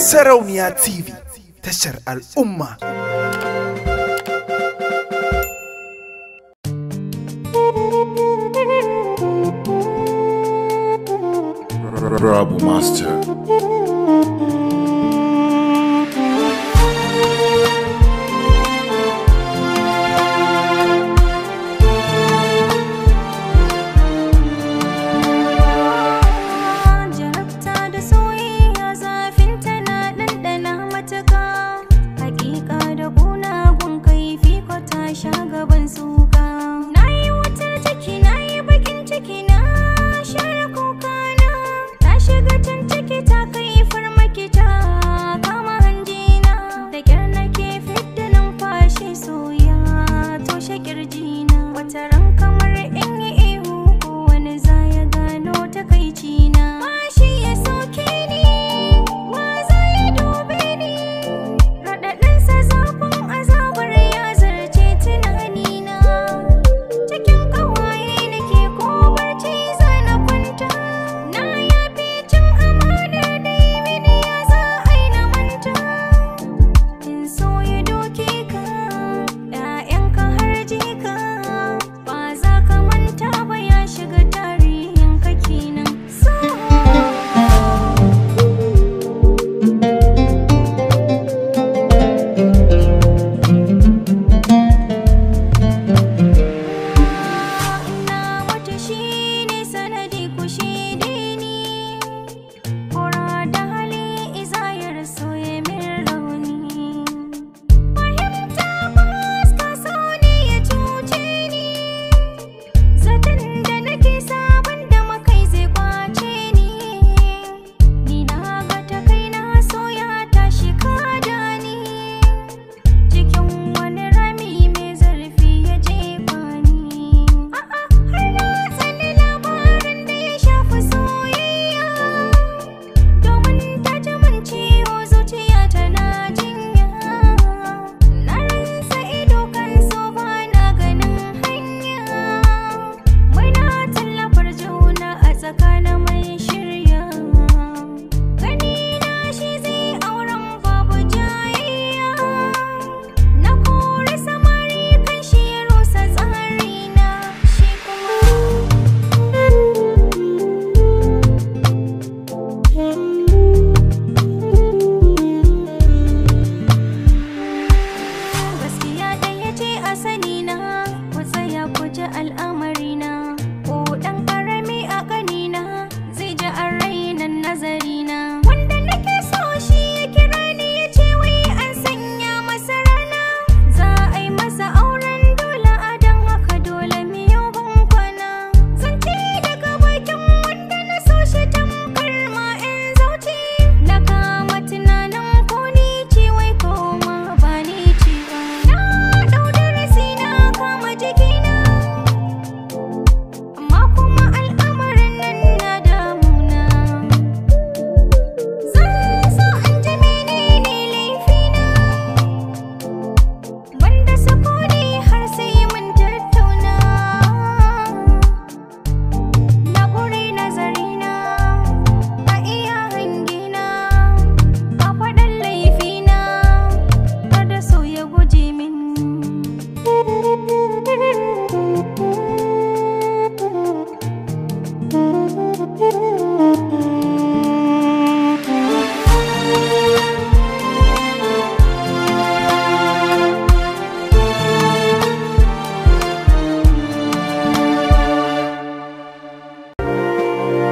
Sarauniya TV tashar al'umma. Rabu Master.